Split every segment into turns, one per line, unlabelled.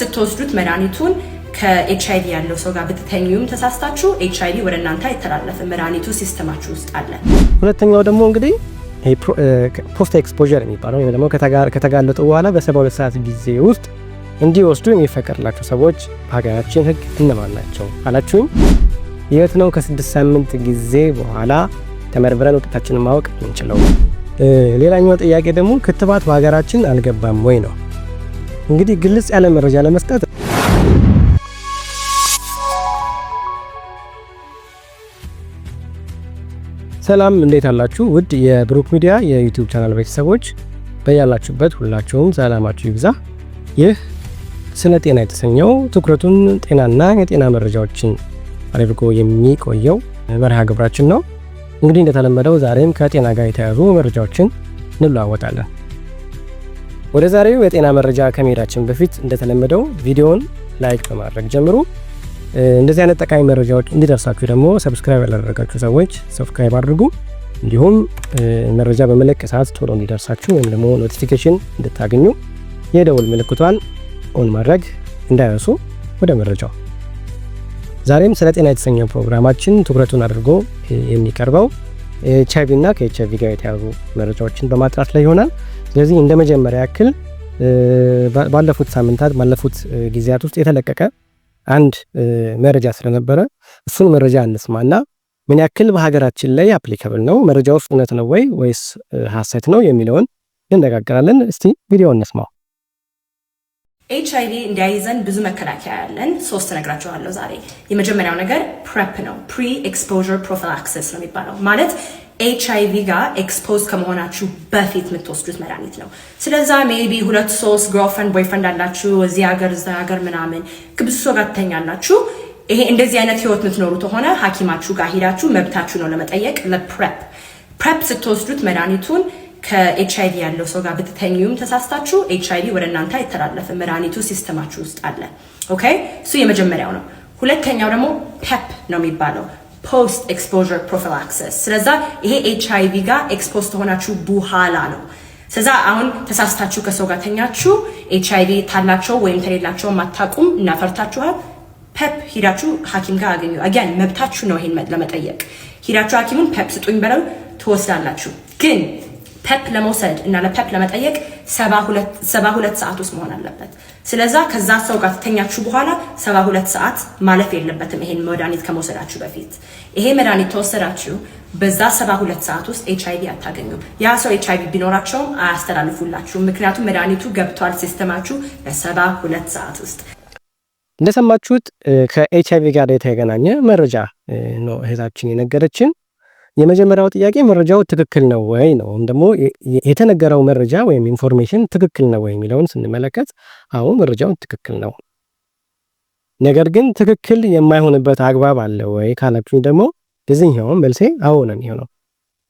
ስትወስዱት መድኃኒቱን ከኤች አይቪ ያለው ሰው ጋር ብትተኙም ተሳስታችሁ ኤች አይቪ ወደ እናንተ አይተላለፍም። መድኃኒቱ ሲስተማችሁ ውስጥ አለ።
ሁለተኛው ደግሞ እንግዲህ ፖስት ኤክስፖዠር የሚባለው ወይም ደግሞ ከተጋለጡ በኋላ በሰባ ሁለት ሰዓት ጊዜ ውስጥ እንዲወስዱ የሚፈቀድላቸው ሰዎች በሀገራችን ህግ እነማን ናቸው አላችሁኝ? የት ነው ከስድስት ሳምንት ጊዜ በኋላ ተመርምረን ውጤታችንን ማወቅ የምንችለው? ሌላኛው ጥያቄ ደግሞ ክትባት በሀገራችን አልገባም ወይ ነው። እንግዲህ ግልጽ ያለ መረጃ ለመስጠት ሰላም፣ እንዴት አላችሁ? ውድ የብሩክ ሚዲያ የዩቲዩብ ቻናል ቤተሰቦች በያላችሁበት ሁላችሁም ሰላማችሁ ይብዛ። ይህ ስለ ጤና የተሰኘው ትኩረቱን ጤናና የጤና መረጃዎችን አድርጎ የሚቆየው መርሃ ግብራችን ነው። እንግዲህ እንደተለመደው ዛሬም ከጤና ጋር የተያዙ መረጃዎችን እንለዋወጣለን። ወደ ዛሬው የጤና መረጃ ከመሄዳችን በፊት እንደተለመደው ቪዲዮውን ላይክ በማድረግ ጀምሩ። እንደዚህ አይነት ጠቃሚ መረጃዎች እንዲደርሳችሁ ደግሞ ሰብስክራይብ ያላደረጋችሁ ሰዎች ሰብስክራይብ አድርጉ። እንዲሁም መረጃ በመለቅ ሰዓት ቶሎ እንዲደርሳችሁ ወይም ደግሞ ኖቲፊኬሽን እንድታገኙ የደውል ምልክቷን ኦን ማድረግ እንዳይረሱ። ወደ መረጃው ዛሬም ስለ ጤና የተሰኘው ፕሮግራማችን ትኩረቱን አድርጎ የሚቀርበው ኤች አይቪ እና ከኤች አይቪ ጋር የተያዙ መረጃዎችን በማጥራት ላይ ይሆናል። ስለዚህ እንደ መጀመሪያ ያክል ባለፉት ሳምንታት ባለፉት ጊዜያት ውስጥ የተለቀቀ አንድ መረጃ ስለነበረ እሱን መረጃ እንስማ ምን ያክል በሀገራችን ላይ አፕሊካብል ነው፣ መረጃ ውስጥ እውነት ነው ወይ ወይስ ሀሰት ነው የሚለውን እንነጋገራለን። እስቲ ቪዲዮ እንስማው።
ኤች አይቪ እንዳይዘን ብዙ መከላከያ ያለን ሶስት ነግራችኋለሁ ዛሬ። የመጀመሪያው ነገር ፕሬፕ ነው፣ ፕሪ ኤክስፖዠር ፕሮፊላክሲስ ነው የሚባለው ማለት ኤች አይቪ ጋር ኤክስፖዝ ከመሆናችሁ በፊት የምትወስዱት መድኃኒት ነው። ስለዛ ሜቢ ሁለት ሶስት ገርልፍሬንድ ቦይፍሬንድ አላችሁ እዚህ ሀገር እዛ ሀገር ምናምን ብዙ ሰው ጋር ትተኛላችሁ። ይሄ እንደዚህ አይነት ህይወት የምትኖሩ ከሆነ ሐኪማችሁ ጋር ሄዳችሁ መብታችሁ ነው ለመጠየቅ ለፕሬፕ ፕሬፕ ስትወስዱት መድኃኒቱን ከኤች አይቪ ያለው ሰው ጋር ብትተኙም ተሳስታችሁ ኤች አይቪ ወደ እናንተ አይተላለፍም። መድኃኒቱ ሲስተማችሁ ውስጥ አለ። ኦኬ፣ እሱ የመጀመሪያው ነው። ሁለተኛው ደግሞ ፔፕ ነው የሚባለው ፖስት ኤክስፖዠር ፕሮፊላክሲስ። ስለዛ ይሄ ኤች አይ ቪ ጋር ኤክስፖዝ ከሆናችሁ በኋላ ነው። ስለዛ አሁን ተሳስታችሁ ከሰው ጋር ተኛችሁ፣ ኤች አይ ቪ ታላቸው ወይም ተሌላቸው ማታቁም እናፈርታችኋል። ፐፕ ሂዳችሁ ሐኪም ጋር አገኙ። አጊያን መብታችሁ ነው ይሄን ለመጠየቅ ሂዳችሁ ሐኪሙን ፐፕ ስጡኝ በለው ትወስዳላችሁ ግን ፐፕ ለመውሰድ እና ለፐፕ ለመጠየቅ ሰባ ሁለት ሰዓት ውስጥ መሆን አለበት። ስለዛ ከዛ ሰው ጋር ተኛችሁ በኋላ ሰባ ሁለት ሰዓት ማለፍ የለበትም። ይሄን መድኃኒት ከመውሰዳችሁ በፊት ይሄ መድኃኒት ተወሰዳችሁ በዛ ሰባ ሁለት ሰዓት ውስጥ ኤች አይቪ አታገኙም። ያ ሰው ኤች አይቪ ቢኖራቸውም አያስተላልፉላችሁም። ምክንያቱም መድኃኒቱ ገብቷል ሲስተማችሁ ለሰባ ሁለት ሰዓት ውስጥ።
እንደሰማችሁት ከኤች አይቪ ጋር የተገናኘ መረጃ ነው እህታችን የነገረችን። የመጀመሪያው ጥያቄ መረጃው ትክክል ነው ወይ ነው፣ ወይም ደግሞ የተነገረው መረጃ ወይም ኢንፎርሜሽን ትክክል ነው ወይ የሚለውን ስንመለከት አሁን መረጃው ትክክል ነው። ነገር ግን ትክክል የማይሆንበት አግባብ አለ ወይ ካላችሁኝ ደግሞ ለዚህኛውም መልሴ አዎ ነው የሚሆነው።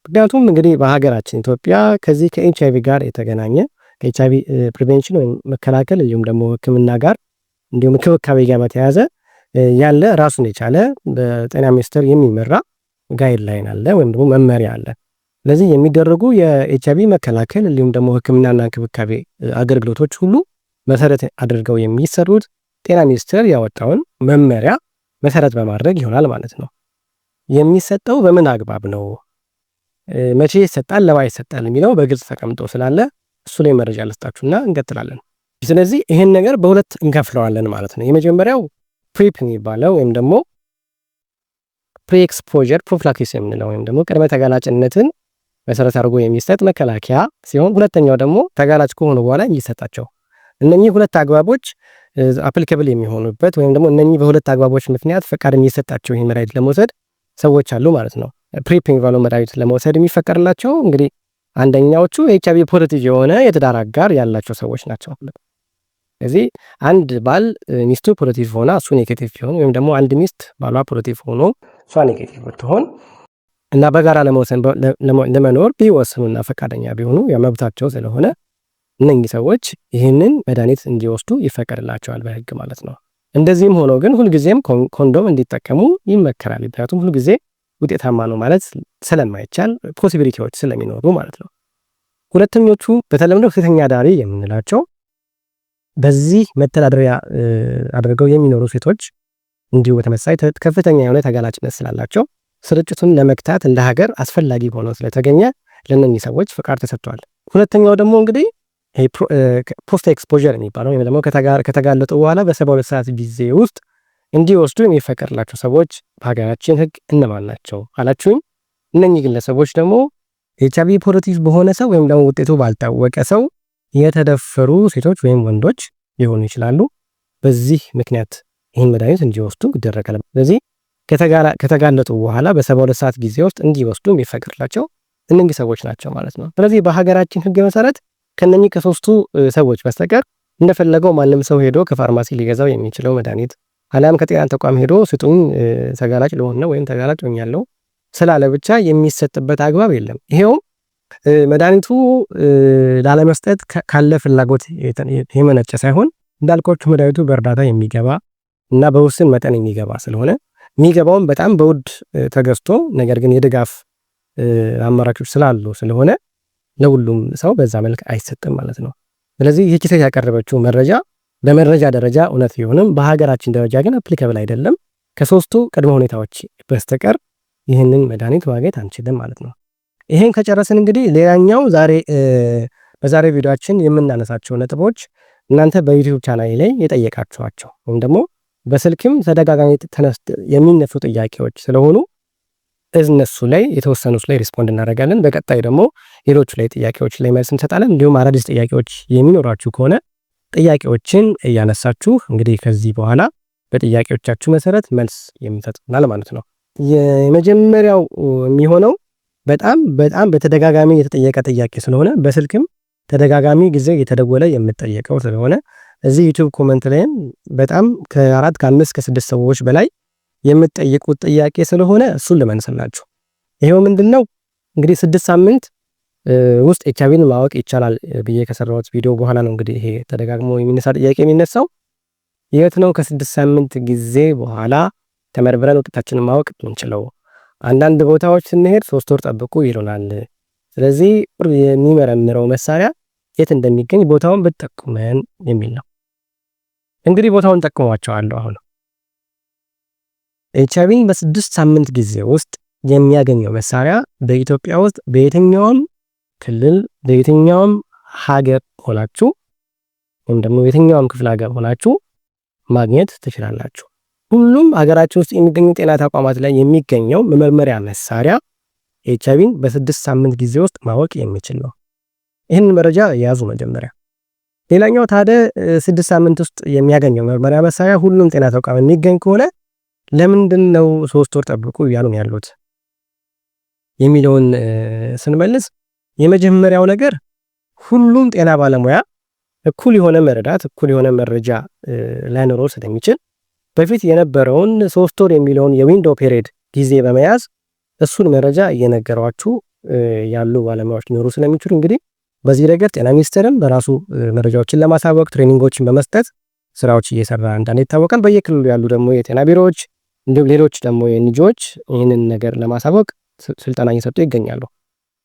ምክንያቱም እንግዲህ በሀገራችን ኢትዮጵያ ከዚህ ከኤች አይቪ ጋር የተገናኘ ከኤች አይቪ ፕሪቬንሽን ወይም መከላከል እንዲሁም ደግሞ ሕክምና ጋር እንዲሁም እንክብካቤ ጋር በተያያዘ ያለ ራሱን የቻለ በጤና ሚኒስቴር የሚመራ ጋይድላይን አለ ወይም ደግሞ መመሪያ አለ። ስለዚህ የሚደረጉ የኤች አይቪ መከላከል እንዲሁም ደግሞ ሕክምናና እንክብካቤ አገልግሎቶች ሁሉ መሰረት አድርገው የሚሰሩት ጤና ሚኒስቴር ያወጣውን መመሪያ መሰረት በማድረግ ይሆናል ማለት ነው። የሚሰጠው በምን አግባብ ነው፣ መቼ ይሰጣል፣ ለማ ይሰጣል የሚለው በግልጽ ተቀምጦ ስላለ እሱ ላይ መረጃ ልስጣችሁና እንቀጥላለን። ስለዚህ ይህን ነገር በሁለት እንከፍለዋለን ማለት ነው። የመጀመሪያው ፕሪፕ የሚባለው ወይም ደግሞ ፕሪ ኤክስፖዠር ፕሮፍላክስ የምንለው ወይም ደግሞ ቅድመ ተጋላጭነትን መሰረት አድርጎ የሚሰጥ መከላከያ ሲሆን፣ ሁለተኛው ደግሞ ተጋላጭ ከሆኑ በኋላ የሚሰጣቸው እነኚህ ሁለት አግባቦች አፕሊካብል የሚሆኑበት ወይም ደግሞ እነኚህ በሁለት አግባቦች ምክንያት ፈቃድ የሚሰጣቸው ይህን መድኃኒት ለመውሰድ ሰዎች አሉ ማለት ነው። ፕሪፔንቫሎ መድኃኒት ለመውሰድ የሚፈቀድላቸው እንግዲህ አንደኛዎቹ ኤች አይቪ ፖዘቲቭ የሆነ የትዳር አጋር ያላቸው ሰዎች ናቸው። ስለዚህ አንድ ባል ሚስቱ ፖዘቲቭ ሆና እሱ ኔጌቲቭ ሲሆን ወይም ደግሞ አንድ ሚስት ባሏ ፖዘቲቭ ሆኖ እሷ ኔጌቲቭ ብትሆን እና በጋራ ለመወሰን ለመኖር ቢወስኑና ፈቃደኛ ቢሆኑ መብታቸው ስለሆነ እነኚህ ሰዎች ይህንን መድኃኒት እንዲወስዱ ይፈቀድላቸዋል በህግ ማለት ነው። እንደዚህም ሆኖ ግን ሁልጊዜም ኮንዶም እንዲጠቀሙ ይመከራል። ምክንያቱም ሁልጊዜ ውጤታማ ነው ማለት ስለማይቻል ፖሲቢሊቲዎች ስለሚኖሩ ማለት ነው። ሁለተኞቹ በተለምዶ ሴተኛ ዳሪ የምንላቸው በዚህ መተዳደሪያ አድርገው የሚኖሩ ሴቶች እንዲሁ በተመሳይ ከፍተኛ የሆነ ተጋላጭነት ስላላቸው ስርጭቱን ለመግታት እንደ ሀገር አስፈላጊ ሆኖ ስለተገኘ ለነኚህ ሰዎች ፍቃድ ተሰጥቷል። ሁለተኛው ደግሞ እንግዲህ ፖስት ኤክስፖዠር የሚባለው ወይም ደግሞ ከተጋለጡ በኋላ በሰባ ሁለት ሰዓት ጊዜ ውስጥ እንዲወስዱ የሚፈቀድላቸው ሰዎች በሀገራችን ህግ እነማን ናቸው አላችሁኝ? እነኚህ ግለሰቦች ደግሞ ኤች አይቪ ፖዘቲቭ በሆነ ሰው ወይም ደግሞ ውጤቱ ባልታወቀ ሰው የተደፈሩ ሴቶች ወይም ወንዶች ሊሆኑ ይችላሉ። በዚህ ምክንያት ይህን መድኃኒት እንዲወስዱ ይደረጋል። ስለዚህ ከተጋለጡ በኋላ በሰባ ሁለት ሰዓት ጊዜ ውስጥ እንዲወስዱ የሚፈቅድላቸው እነኚህ ሰዎች ናቸው ማለት ነው። ስለዚህ በሀገራችን ህግ መሰረት ከነኚህ ከሶስቱ ሰዎች በስተቀር እንደፈለገው ማንም ሰው ሄዶ ከፋርማሲ ሊገዛው የሚችለው መድኃኒት አሊያም ከጤና ተቋም ሄዶ ስጡኝ ተጋላጭ ለሆነ ወይም ተጋላጭ ሆኛለሁ ስላለ ብቻ የሚሰጥበት አግባብ የለም። ይሄውም መድኃኒቱ ላለመስጠት ካለ ፍላጎት የመነጨ ሳይሆን እንዳልኳችሁ መድኃኒቱ በእርዳታ የሚገባ እና በውስን መጠን የሚገባ ስለሆነ የሚገባውን በጣም በውድ ተገዝቶ ነገር ግን የድጋፍ አማራጮች ስላሉ ስለሆነ ለሁሉም ሰው በዛ መልክ አይሰጥም ማለት ነው። ስለዚህ ይህ ኪሴት ያቀረበችው መረጃ በመረጃ ደረጃ እውነት ቢሆንም በሀገራችን ደረጃ ግን አፕሊካብል አይደለም። ከሶስቱ ቅድመ ሁኔታዎች በስተቀር ይህንን መድኃኒት ማግኘት አንችልም ማለት ነው። ይህን ከጨረስን እንግዲህ ሌላኛው ዛሬ በዛሬ ቪዲዮችን የምናነሳቸው ነጥቦች እናንተ በዩቲዩብ ቻናሌ ላይ የጠየቃችኋቸው ወይም ደግሞ በስልክም ተደጋጋሚ የሚነሱ ጥያቄዎች ስለሆኑ እነሱ ላይ የተወሰኑ ላይ ሪስፖንድ እናደርጋለን። በቀጣይ ደግሞ ሌሎቹ ላይ ጥያቄዎች ላይ መልስ እንሰጣለን። እንዲሁም አዳዲስ ጥያቄዎች የሚኖራችሁ ከሆነ ጥያቄዎችን እያነሳችሁ እንግዲህ ከዚህ በኋላ በጥያቄዎቻችሁ መሰረት መልስ የምንሰጥናል ማለት ነው። የመጀመሪያው የሚሆነው በጣም በጣም በተደጋጋሚ የተጠየቀ ጥያቄ ስለሆነ በስልክም ተደጋጋሚ ጊዜ የተደወለ የምጠየቀው ስለሆነ እዚህ ዩቱብ ኮመንት ላይም በጣም ከአራት ከአምስት ከስድስት ሰዎች በላይ የምትጠይቁት ጥያቄ ስለሆነ እሱን ልመንስላችሁ። ይሄው ምንድን ነው እንግዲህ ስድስት ሳምንት ውስጥ ኤች አይቪን ማወቅ ይቻላል ብዬ ከሰራሁት ቪዲዮ በኋላ ነው እንግዲህ ይሄ ተደጋግሞ የሚነሳ ጥያቄ የሚነሳው የት ነው ከስድስት ሳምንት ጊዜ በኋላ ተመርምረን ውጤታችንን ማወቅ የምንችለው? አንዳንድ ቦታዎች ስንሄድ ሶስት ወር ጠብቁ ይሉናል። ስለዚህ የሚመረምረው መሳሪያ የት እንደሚገኝ ቦታውን ብትጠቁመን የሚል ነው። እንግዲህ ቦታውን ጠቅመዋቸዋለሁ። አሁን ኤች አይ በስድስት ሳምንት ጊዜ ውስጥ የሚያገኘው መሳሪያ በኢትዮጵያ ውስጥ በየትኛውም ክልል በየትኛውም ሀገር ሆናችሁ ወይም ደግሞ በየትኛውም ክፍለ ሀገር ሆናችሁ ማግኘት ትችላላችሁ። ሁሉም ሀገራችን ውስጥ የሚገኙ ጤና ተቋማት ላይ የሚገኘው መመርመሪያ መሳሪያ ኤች አይቪን በስድስት ሳምንት ጊዜ ውስጥ ማወቅ የሚችል ነው። ይህንን መረጃ የያዙ መጀመሪያ ሌላኛው ታደ ስድስት ሳምንት ውስጥ የሚያገኘው መመርመሪያ መሳሪያ ሁሉም ጤና ተቋም የሚገኝ ከሆነ ለምንድን ነው ሶስት ወር ጠብቁ እያሉን ያሉት የሚለውን ስንመልስ የመጀመሪያው ነገር ሁሉም ጤና ባለሙያ እኩል የሆነ መረዳት እኩል የሆነ መረጃ ላይኖረው ስለሚችል በፊት የነበረውን ሶስት ወር የሚለውን የዊንዶው ፔሪድ ጊዜ በመያዝ እሱን መረጃ እየነገሯችሁ ያሉ ባለሙያዎች ሊኖሩ ስለሚችሉ እንግዲህ በዚህ ረገድ ጤና ሚኒስቴርም በራሱ መረጃዎችን ለማሳወቅ ትሬኒንጎችን በመስጠት ስራዎች እየሰራ እንዳንድ ይታወቃል። በየክልሉ ያሉ ደግሞ የጤና ቢሮዎች እንዲሁም ሌሎች ደግሞ የንጆዎች ይህንን ነገር ለማሳወቅ ስልጠና እየሰጡ ይገኛሉ።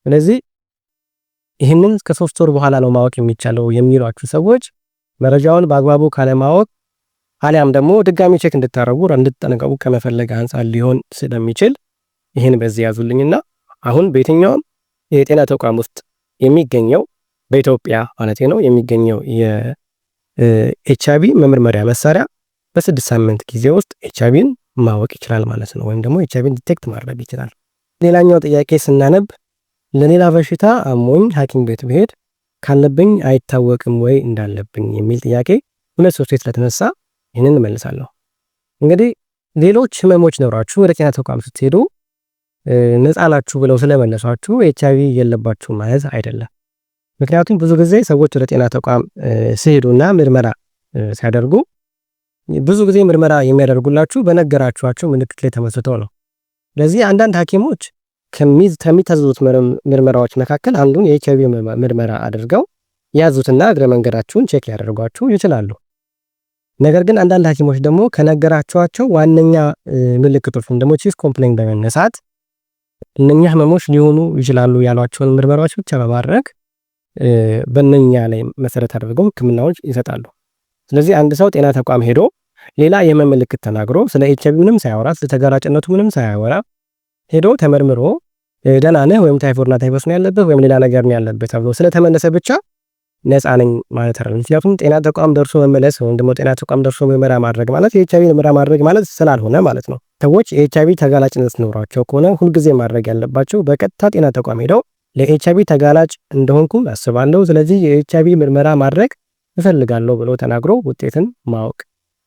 ስለዚህ ይህንን ከሶስት ወር በኋላ ነው ማወቅ የሚቻለው የሚሏችሁ ሰዎች መረጃውን በአግባቡ ካለማወቅ አሊያም ደግሞ ድጋሚ ቼክ እንድታረጉ እንድትጠነቀቁ ከመፈለግ አንጻር ሊሆን ስለሚችል ይህን በዚህ ያዙልኝና አሁን በየትኛውም የጤና ተቋም ውስጥ የሚገኘው በኢትዮጵያ ማለት ነው የሚገኘው የኤች አይቪ መመርመሪያ መሳሪያ በስድስት ሳምንት ጊዜ ውስጥ ኤች ማወቅ ይችላል ማለት ነው። ወይም ደግሞ ኤች አይቪን ዲቴክት ማድረግ ይችላል። ሌላኛው ጥያቄ ስናነብ ለሌላ በሽታ አሞኝ ሐኪም ቤት ብሄድ ካለብኝ አይታወቅም ወይ እንዳለብኝ የሚል ጥያቄ ሁለት ሶስት ስለተነሳ ይህንን እመልሳለሁ። እንግዲህ ሌሎች ህመሞች ኖሯችሁ ወደ ጤና ተቋም ስትሄዱ ነፃ ናችሁ ብለው ስለመለሷችሁ ኤች አይቪ የለባችሁ ማለት አይደለም። ምክንያቱም ብዙ ጊዜ ሰዎች ወደ ጤና ተቋም ሲሄዱና ምርመራ ሲያደርጉ ብዙ ጊዜ ምርመራ የሚያደርጉላችሁ በነገራችኋቸው ምልክት ላይ ተመስርተው ነው። ስለዚህ አንዳንድ ሐኪሞች ከሚታዘዙት ምርመራዎች መካከል አንዱን የኤችአይቪ ምርመራ አድርገው ያዙትና እግረ መንገዳችሁን ቼክ ያደርጓችሁ ይችላሉ። ነገር ግን አንዳንድ ሐኪሞች ደግሞ ከነገራችኋቸው ዋነኛ ምልክቶች ወይም ደግሞ ቺፍ ኮምፕሌንት በመነሳት እነኛ ህመሞች ሊሆኑ ይችላሉ ያሏቸውን ምርመራዎች ብቻ በማድረግ በነኛ ላይ መሰረት አድርገው ህክምናዎች ይሰጣሉ። ስለዚህ አንድ ሰው ጤና ተቋም ሄዶ ሌላ የህመም ምልክት ተናግሮ ስለ ኤች አይቪ ምንም ሳያወራ ስለ ተጋላጭነቱ ምንም ሳያወራ ሄዶ ተመርምሮ ደህና ነህ ወይም ታይፎድና ታይፎስ ነው ያለብህ ወይም ሌላ ነገር ነው ያለብህ ተብሎ ስለተመለሰ ብቻ ነፃ ነኝ ማለት አይደለም። ምክንያቱም ጤና ተቋም ደርሶ መመለስ ወይም ደግሞ ጤና ተቋም ደርሶ ምርመራ ማድረግ ማለት የኤች አይቪ ምርመራ ማድረግ ማለት ስላልሆነ ማለት ነው። ሰዎች የኤች አይቪ ተጋላጭነት ኖሯቸው ከሆነ ሁልጊዜ ማድረግ ያለባቸው በቀጥታ ጤና ተቋም ሄደው ለኤች አይቪ ተጋላጭ እንደሆንኩም አስባለሁ፣ ስለዚህ የኤች አይቪ ምርመራ ማድረግ እፈልጋለሁ ብሎ ተናግሮ ውጤትን ማወቅ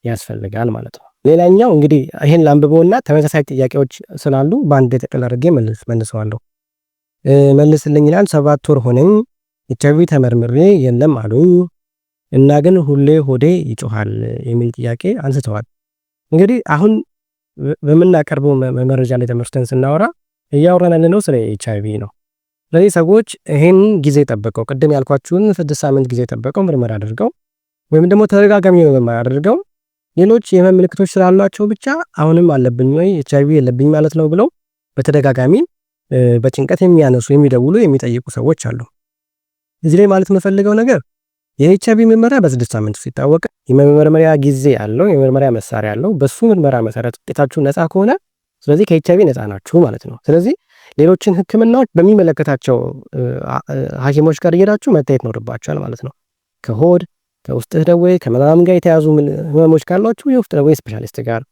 ያስፈልጋል ማለት ነው። ሌላኛው እንግዲህ ይህን ላንብበውና ተመሳሳይ ጥያቄዎች ስላሉ በአንድ ጥቅል አድርጌ መልሰዋለሁ። መልስልኝ ይላል። ሰባት ወር ሆነኝ ኤች አይቪ ተመርምሬ የለም አሉኝ እና ግን ሁሌ ሆዴ ይጮሃል የሚል ጥያቄ አንስተዋል። እንግዲህ አሁን በምናቀርበው መረጃ ላይ ተመርተን ስናወራ እያወራን ያለነው ስለ ኤች አይቪ ነው። ስለዚህ ሰዎች ይህን ጊዜ ጠብቀው ቅድም ያልኳችሁን ስድስት ሳምንት ጊዜ ጠብቀው ምርመራ አድርገው ወይም ደግሞ ተደጋጋሚ ምርመራ አድርገው ሌሎች የህመም ምልክቶች ስላሏቸው ብቻ አሁንም አለብኝ ወይ ኤች አይቪ የለብኝ ማለት ነው ብለው በተደጋጋሚ በጭንቀት የሚያነሱ የሚደውሉ የሚጠይቁ ሰዎች አሉ። እዚህ ላይ ማለት የምፈልገው ነገር የኤች አይቪ ምርመራ በስድስት ሳምንት ውስጥ ይታወቅ የመመርመሪያ ጊዜ አለው፣ የመርመሪያ መሳሪያ አለው። በሱ ምርመራ መሰረት ውጤታችሁ ነፃ ከሆነ ስለዚህ ከኤች አይቪ ነፃ ናችሁ ማለት ነው። ስለዚህ ሌሎችን ህክምናዎች በሚመለከታቸው ሐኪሞች ጋር እየሄዳችሁ መታየት ይኖርባቸዋል ማለት ነው። ከሆድ ከውስጥ ደዌ ከምናምን ጋር የተያዙ ህመሞች ካሏችሁ የውስጥ ደዌ ስፔሻሊስት ጋር፣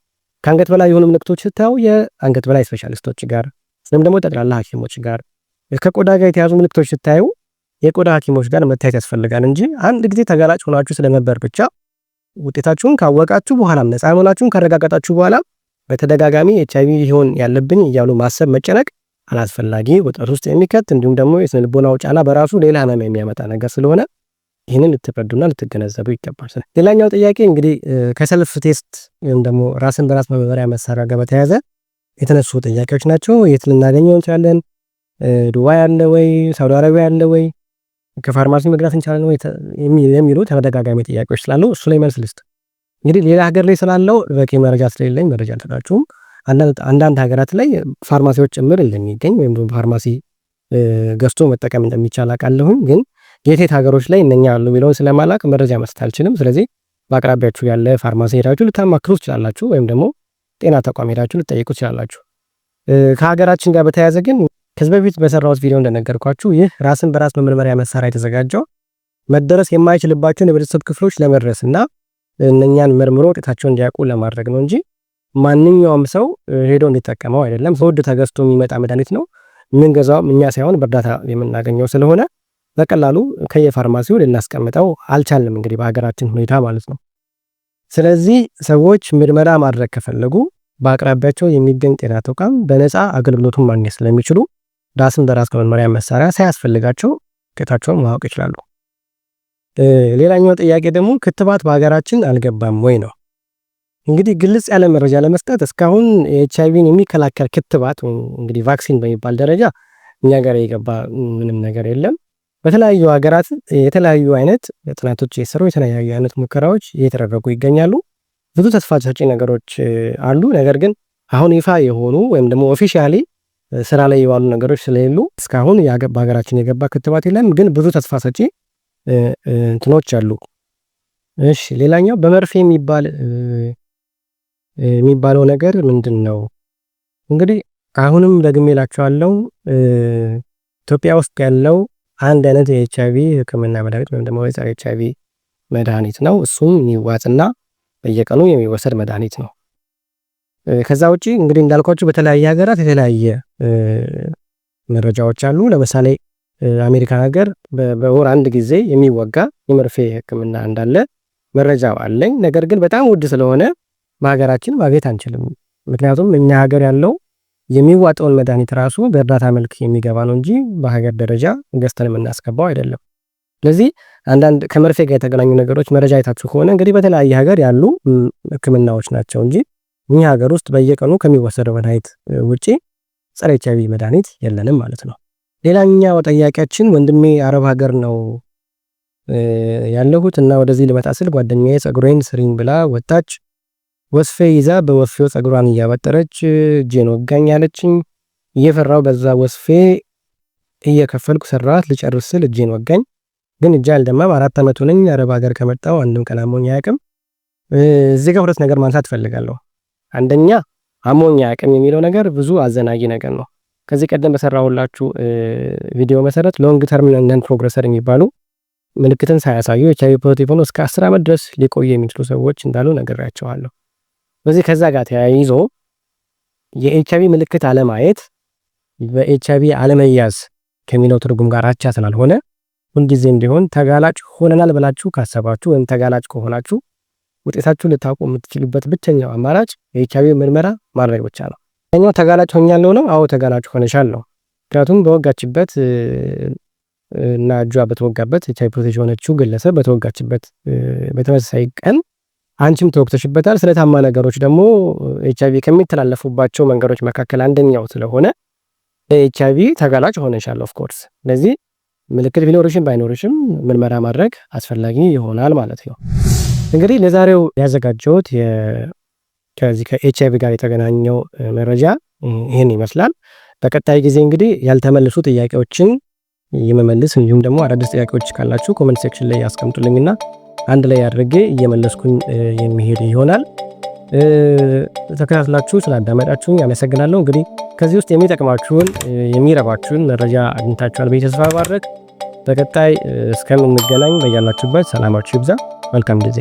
ከአንገት በላይ የሆኑ ምልክቶች ስታዩ የአንገት በላይ ስፔሻሊስቶች ጋር ወይም ደግሞ ጠቅላላ ሐኪሞች ጋር፣ ከቆዳ ጋር የተያዙ ምልክቶች ስታዩ የቆዳ ሐኪሞች ጋር መታየት ያስፈልጋል እንጂ አንድ ጊዜ ተጋላጭ ሆናችሁ ስለነበር ብቻ ውጤታችሁን ካወቃችሁ በኋላም ነፃ መሆናችሁን ካረጋገጣችሁ በኋላ በተደጋጋሚ ኤች አይቪ ይሆን ያለብኝ እያሉ ማሰብ መጨነቅ አላስፈላጊ ውጥረት ውስጥ የሚከት እንዲሁም ደግሞ የስነ ልቦናው ጫና በራሱ ሌላ ህመም የሚያመጣ ነገር ስለሆነ ይህንን ልትረዱና ልትገነዘቡ ይገባል። ሌላኛው ጥያቄ እንግዲህ ከሰልፍ ቴስት ወይም ደግሞ ራስን በራስ መመሪያ መሳሪያ ጋር በተያያዘ የተነሱ ጥያቄዎች ናቸው። የት ልናገኘው እንችላለን? ዱባይ አለ ወይ? ሳውዲ አረቢያ አለ ወይ? ከፋርማሲ መግዛት እንችላለን ወይ? የሚሉ ተደጋጋሚ ጥያቄዎች ስላሉ እሱ ላይ መልስ ልስጥ። እንግዲህ ሌላ ሀገር ላይ ስላለው በቂ መረጃ ስለሌለኝ መረጃ አልሰጣችሁም። አንዳንድ ሀገራት ላይ ፋርማሲዎች ጭምር እንደሚገኝ ወይም ፋርማሲ ገዝቶ መጠቀም እንደሚቻል አውቃለሁኝ። ግን የቴት ሀገሮች ላይ እነኛ ያሉ የሚለውን ስለማላቅ መረጃ መስጠት አልችልም። ስለዚህ በአቅራቢያችሁ ያለ ፋርማሲ ሄዳችሁ ልታማክሩ ትችላላችሁ፣ ወይም ደግሞ ጤና ተቋም ሄዳችሁ ልጠይቁ ትችላላችሁ። ከሀገራችን ጋር በተያያዘ ግን ከዚህ በፊት በሰራሁት ቪዲዮ እንደነገርኳችሁ ይህ ራስን በራስ መመርመሪያ መሳሪያ የተዘጋጀው መደረስ የማይችልባቸውን የቤተሰብ ክፍሎች ለመድረስ እና እነኛን መርምሮ ውጤታቸውን እንዲያውቁ ለማድረግ ነው እንጂ ማንኛውም ሰው ሄዶ እንዲጠቀመው አይደለም። በውድ ተገዝቶ የሚመጣ መድኃኒት ነው። የምንገዛው እኛ ሳይሆን በእርዳታ የምናገኘው ስለሆነ በቀላሉ ከየፋርማሲው ልናስቀምጠው አልቻልም እንግዲህ በሀገራችን ሁኔታ ማለት ነው። ስለዚህ ሰዎች ምርመራ ማድረግ ከፈለጉ በአቅራቢያቸው የሚገኝ ጤና ተቋም በነፃ አገልግሎቱን ማግኘት ስለሚችሉ ራስን በራስ ከመመሪያ መሳሪያ ሳያስፈልጋቸው ጌታቸውን ማወቅ ይችላሉ። ሌላኛው ጥያቄ ደግሞ ክትባት በሀገራችን አልገባም ወይ ነው። እንግዲህ ግልጽ ያለ መረጃ ለመስጠት እስካሁን ኤች አይቪን የሚከላከል ክትባት ወይም እንግዲህ ቫክሲን በሚባል ደረጃ እኛ ጋር የገባ ምንም ነገር የለም። በተለያዩ ሀገራት የተለያዩ አይነት ጥናቶች የሰሩ የተለያዩ አይነት ሙከራዎች እየተደረጉ ይገኛሉ። ብዙ ተስፋ ሰጪ ነገሮች አሉ። ነገር ግን አሁን ይፋ የሆኑ ወይም ደግሞ ኦፊሻሊ ስራ ላይ የዋሉ ነገሮች ስለሌሉ እስካሁን በሀገራችን የገባ ክትባት የለም። ግን ብዙ ተስፋ ሰጪ እንትኖች አሉ። እሺ ሌላኛው በመርፌ የሚባል የሚባለው ነገር ምንድን ነው? እንግዲህ አሁንም ደግሜ እላቸዋለሁ ኢትዮጵያ ውስጥ ያለው አንድ አይነት የኤች ህክምና ሕክምና መድኃኒት ወይም ደግሞ የጸረ ኤች መድኃኒት ነው። እሱም የሚዋጥና በየቀኑ የሚወሰድ መድኃኒት ነው። ከዛ ውጭ እንግዲህ እንዳልኳችሁ በተለያየ ሀገራት የተለያየ መረጃዎች አሉ። ለምሳሌ አሜሪካ ሀገር በወር አንድ ጊዜ የሚወጋ የመርፌ ህክምና እንዳለ መረጃ አለኝ። ነገር ግን በጣም ውድ ስለሆነ በሀገራችን ማግኘት አንችልም። ምክንያቱም እኛ ሀገር ያለው የሚዋጠውን መድኃኒት ራሱ በእርዳታ መልክ የሚገባ ነው እንጂ በሀገር ደረጃ ገዝተን የምናስገባው አይደለም። ስለዚህ አንዳንድ ከመርፌ ጋር የተገናኙ ነገሮች መረጃ አይታችሁ ከሆነ እንግዲህ በተለያየ ሀገር ያሉ ሕክምናዎች ናቸው እንጂ እኛ ሀገር ውስጥ በየቀኑ ከሚወሰደው መድኃኒት ውጪ ጸረ ኤች አይቪ መድኃኒት የለንም ማለት ነው። ሌላኛው ጠያቂያችን ወንድሜ አረብ ሀገር ነው ያለሁት እና ወደዚህ ልመጣ ስል ጓደኛዬ ጸጉሬን ስሪኝ ብላ ወጣች። ወስፌ ይዛ በወስፌው ጸጉሯን እያበጠረች እጄን ወጋኛለችኝ። እየፈራው በዛ ወስፌ እየከፈልኩ ሰራት። ልጨርስ ስል እጄን ወጋኝ። ግን እጄ አልደማም። አራት ዓመቱ ነኝ። አረብ ሀገር ከመጣው አንድም ቀን አሞኝ አያቅም። እዚህ ጋር ሁለት ነገር ማንሳት ፈልጋለሁ። አንደኛ አሞኝ አያቅም የሚለው ነገር ብዙ አዘናጊ ነገር ነው። ከዚህ ቀደም በሰራሁላችሁ ቪዲዮ መሰረት ሎንግ ተርም ነን ፕሮግረሰር የሚባሉ ምልክትን ሳያሳዩ ኤች አይ ቪ ፖዘቲቭ ሆኖ እስከ አስር ዓመት ድረስ ሊቆዩ የሚችሉ ሰዎች እንዳሉ ነግራቸዋለሁ። በዚህ ከዛ ጋር ተያይዞ የኤች አይቪ ምልክት አለማየት በኤች አይቪ አለመያዝ ከሚለው ትርጉም ጋር አቻ ስላልሆነ ሁልጊዜ እንዲሆን ተጋላጭ ሆነናል ብላችሁ ካሰባችሁ ወይም ተጋላጭ ከሆናችሁ ውጤታችሁ ልታውቁ የምትችሉበት ብቸኛው አማራጭ የኤች ምርመራ ማድረግ ብቻ ነው። ኛው ተጋላጭ ሆኛለሁ ነው። አዎ ተጋላጭ ሆነሻል ነው። ምክንያቱም በወጋችበት እና እጇ በተወጋበት ኤች አይቪ የሆነችው ግለሰብ በተወጋችበት በተመሳሳይ ቀን አንቺም ተወቅተሽበታል። ስለታማ ነገሮች ደግሞ ኤች አይቪ ከሚተላለፉባቸው መንገዶች መካከል አንደኛው ስለሆነ ለኤች አይቪ ተጋላጭ ሆነሻል ኦፍኮርስ። ስለዚህ ምልክት ቢኖርሽም ባይኖርሽም ምርመራ ማድረግ አስፈላጊ ይሆናል ማለት ነው። እንግዲህ ለዛሬው ያዘጋጀሁት ከዚህ ከኤች አይቪ ጋር የተገናኘው መረጃ ይህን ይመስላል። በቀጣይ ጊዜ እንግዲህ ያልተመለሱ ጥያቄዎችን የመመልስ እንዲሁም ደግሞ አዳዲስ ጥያቄዎች ካላችሁ ኮመንት ሴክሽን ላይ ያስቀምጡልኝና አንድ ላይ አድርጌ እየመለስኩኝ የሚሄድ ይሆናል። ተከታትላችሁ ስላዳመጣችሁኝ አመሰግናለሁ። እንግዲህ ከዚህ ውስጥ የሚጠቅማችሁን የሚረባችሁን መረጃ አግኝታችኋል ብዬ ተስፋ ማድረግ በቀጣይ እስከምንገናኝ በያላችሁበት ሰላማችሁ ይብዛ። መልካም ጊዜ